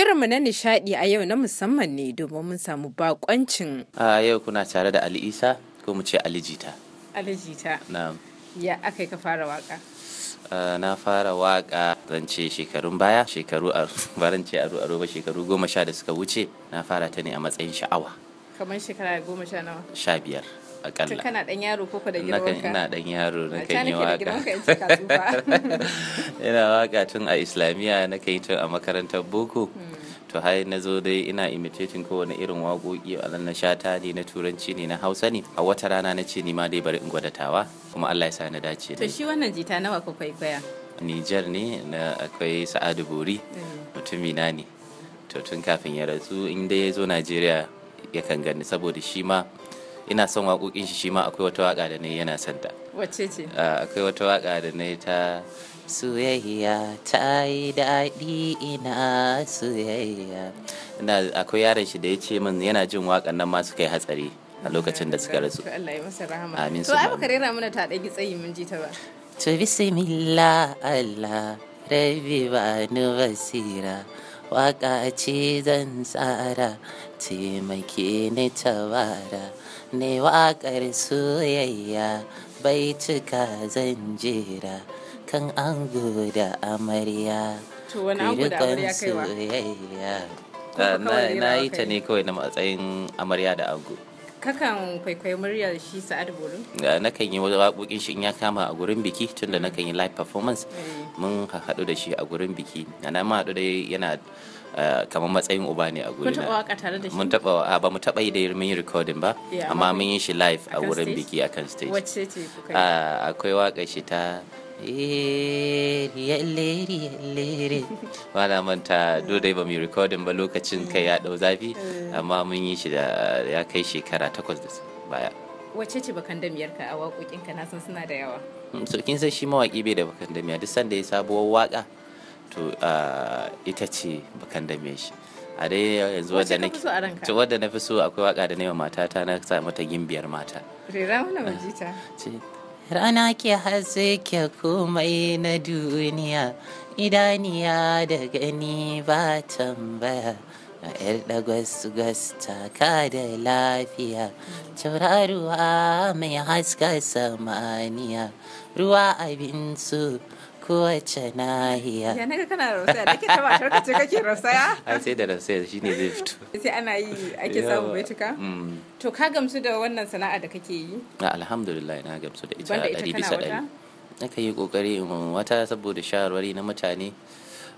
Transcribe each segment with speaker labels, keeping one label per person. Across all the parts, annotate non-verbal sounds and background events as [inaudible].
Speaker 1: Shirinmu na nishadi a yau na musamman ne domin mun samu bakoncin.
Speaker 2: A yau kuna tare da Ali Isa ko mu ce Ali Jita.
Speaker 1: Ali Jita. Na'am. Ya aka ka fara waka.
Speaker 2: na fara waka zan ce shekarun baya shekaru baran ce aro aro ba shekaru goma sha da suka wuce na fara ta ne a matsayin sha'awa.
Speaker 1: Kamar shekara goma sha nawa?
Speaker 2: Sha biyar. akalla kana
Speaker 1: dan yaro ko da girman ka ina dan
Speaker 2: yaro na kan yi waka
Speaker 3: [laughs]
Speaker 2: ina waka tun a islamiyya na kan yi tun a makarantar boko hmm. to hai na zo dai ina imitating kowane irin waƙoƙi a na shata ne na turanci ne na hausa ne a wata rana na ce ni ma dai bari in gwada tawa kuma Allah ya sa na dace to
Speaker 1: shi wannan jita nawa ka kwaikwaya
Speaker 2: Nijar ne na akwai Sa'adu Bori hmm. mutumina ne to tun kafin ya rasu in dai ya zo Najeriya yakan gani saboda shi ma ina son waƙoƙin shi ma akwai wata waƙa da na yana son ta ce akwai wata waƙa da
Speaker 3: na ta soyayya ta yi daɗi ina soyayya ina
Speaker 2: akwai yaron shi da ya ce min yana jin waƙan nan ma suka yi hatsari a lokacin da suka rasu
Speaker 1: Allah ya masa rahama amin to ai baka rera mana ta mun ji ta ba
Speaker 3: to bismillah Allah rabbi ba basira waƙa ce zan tsara taimake ni tawara ne waƙar soyayya bai cika zan jera kan ango da amarya
Speaker 1: kirkan
Speaker 3: soyayya
Speaker 1: na yi ta ne
Speaker 2: kawai na matsayin amarya da ango
Speaker 1: kakan kwaikwayi da shi sa'ad bolu
Speaker 2: nakan yi waƙoƙin shi in ya kama a gurin biki tunda nakan yi live performance eh. mun haɗu da shi a gurin biki ana ma haɗu da yana eh, kamar matsayin uba ne a gurin mun taɓa a ba mu taɓa yi da mun yi recording ba amma mun yi shi live a gurin biki a kan stage ah, akwai waƙa shi ta wala [laughs] manta dodai ba mu recording ba lokacin kai ya dau zafi eh. amma mun yi shi da ya kai shekara takwas da baya
Speaker 1: Wace ce bakan damiyarka a waƙoƙinka ka san suna da yawa
Speaker 2: so hmm, kin san shi mawaƙi bai da bakan damiya duk sanda ya sabuwar waƙa to ah, ita ce bakan damiyar shi a dai yanzu wadda na to wadda na fi so akwai waƙa da wa matata na sa mata gimbiyar mata
Speaker 3: rera wani majita
Speaker 2: ah,
Speaker 3: rana ke haske komai na duniya idaniya da gani ba tambaya yar da gwas taka da lafiya tauraruwa mai haska samaniya ruwa abin su. kowace nahiya ya
Speaker 1: naga kana rosaya, da ke ta ba tarka ce kake rosaya?
Speaker 3: ai sai da shi ne zai fito
Speaker 1: sai ana yi ake samu bai cika
Speaker 3: mm.
Speaker 1: to ka gamsu da wannan sana'a da kake yi
Speaker 2: alhamdulillah na gamsu da ita ɗari bisa ɗari aka yi kokari wata saboda shawarwari na mutane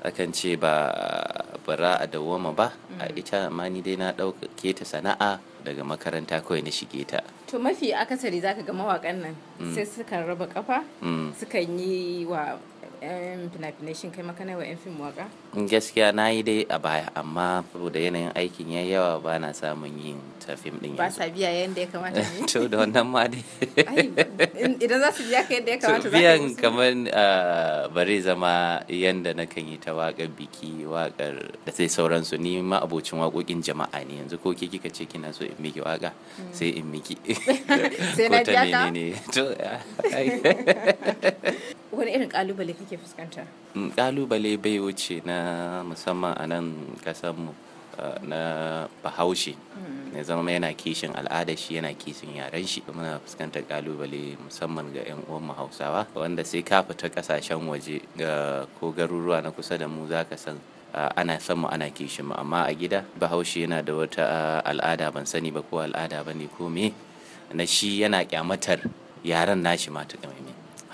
Speaker 2: akan ce ba bara a dawoma ba a mm. ita amma ni dai na ɗauke ta sana'a daga makaranta kawai na shige ta
Speaker 1: to mafi akasari zaka ga mawakan nan mm. sai sukan raba kafa sukan yi wa 'yan fina-finai shin kai makana wa 'yan fim waka?
Speaker 2: gaskiya na yi dai a baya amma saboda yanayin aikin ya yawa ba na samun yin ta fim din ba
Speaker 1: sa biya yadda ya kamata ne [laughs]
Speaker 2: to da wannan ma dai idan
Speaker 1: za su biya ka yadda ya kamata za biyan
Speaker 2: kamar ah, bare zama yadda na kan yi ta waƙar biki waƙar da sai sauransu ni ma abocin waƙoƙin jama'a ne yanzu ko ke kika ce kina so in miki waƙa hmm. sai in miki [laughs] sai na biya ka [laughs] to ah,
Speaker 1: wani irin kalubale kake fuskanta
Speaker 2: kalubale mm, bai wuce na musamman a nan mu eh, na bahaushe
Speaker 1: mm. ya
Speaker 2: zama yana kishin al'adar shi yana kishin yaren shi muna fuskantar kalubale musamman ga 'yan uwanmu hausawa wanda sai ka fita kasashen waje ko garuruwa na kusa da mu zaka san eh, ana san mu ana kishin mu amma a gida bahaushe yana da wata eh, al'ada ban sani ba ko al'ada ba ne ko me na shi yana kyamatar yaren nashi ma ta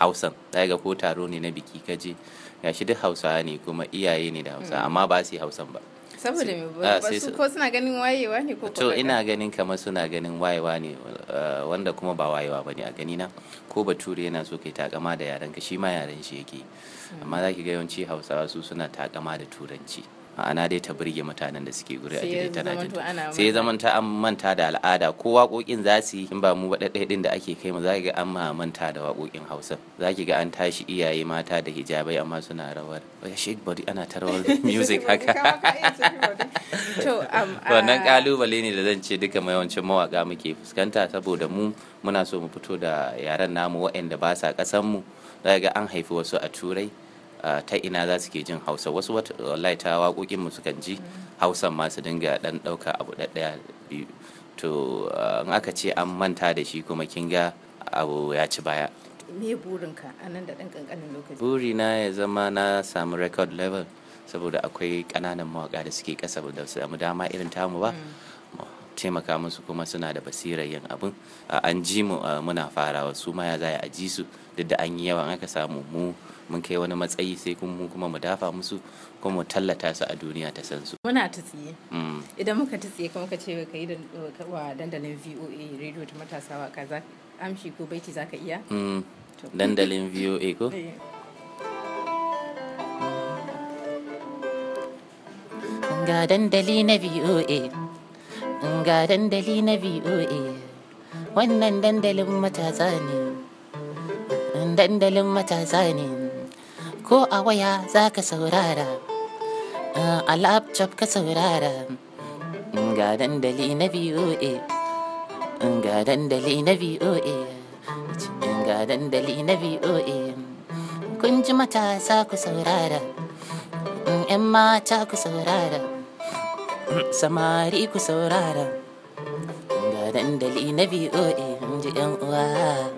Speaker 2: hausan ga ko taro ne na biki kaje ya shi duk hausawa ne kuma iyaye ne da hausa mm. amma ba su yi hausan ba
Speaker 1: saboda me ah, su ko suna ganin wayewa ne ko to
Speaker 2: ina ganin kamar suna ganin wayewa ne ah, wanda kuma ba wayewa bane a gani na ko bature yana so kai takama da yaren ka shi ma yaren shi yake amma zaki ga yawanci hausawa su suna takama da turanci ma'ana dai ta birge mutanen da suke guri a jire tana jin sai ya zama ta an manta da al'ada ko waƙoƙin za su yi in ba mu ba ɗin da ake kai ma za ki ga an ma manta da waƙoƙin hausa za ki ga an tashi iyaye mata da hijabai amma suna rawar shake body ana ta rawar [laughs] music haka
Speaker 1: um, [laughs] wannan
Speaker 2: kalubale uh, ne da zan ce duka mayawancin mawaƙa muke fuskanta saboda mu muna so mu fito da yaren namu waɗanda ba sa ƙasan mu za ga an haifi wasu a turai ta ina za su ke jin hausa wasu wallahi ta waƙoƙin mu sukan ji hausan ma su dinga dan ɗauka abu ɗaya biyu to in aka ce an manta da shi kuma kin ga abu ya ci baya
Speaker 1: me burinka a da ɗan ƙanƙanin lokaci
Speaker 2: burina ya zama na samu record level saboda akwai ƙananan mawaƙa da suke ƙasa da su samu dama irin tamu ba mm. taimaka musu kuma suna da basirar yin abin an ji mu muna farawa su ma ya za a ji su duk da an yi yawan aka samu mu mun kai wani matsayi sai kuma kuma mu dafa musu kuma mu tallata su a duniya ta san su
Speaker 1: muna ta tsiye mm. idan muka ta tsiye kuma ka ce ka yi wa dandalin VOA radio ta matasa wa kaza amshi ko baiti ka iya mm. dandalin
Speaker 2: VOA ko eh.
Speaker 3: ga dandali na VOA ga dandali na VOA wannan dandalin matasa ne dandalin matasa ne ko a waya za ka saurara eh, a laptop ka saurara ga dandali na voa ga dandali na voa ga dandali na voa kun ji matasa ku saurara yan mata ku saurara samari ku saurara ga dandali na
Speaker 1: voa in ji yan uwa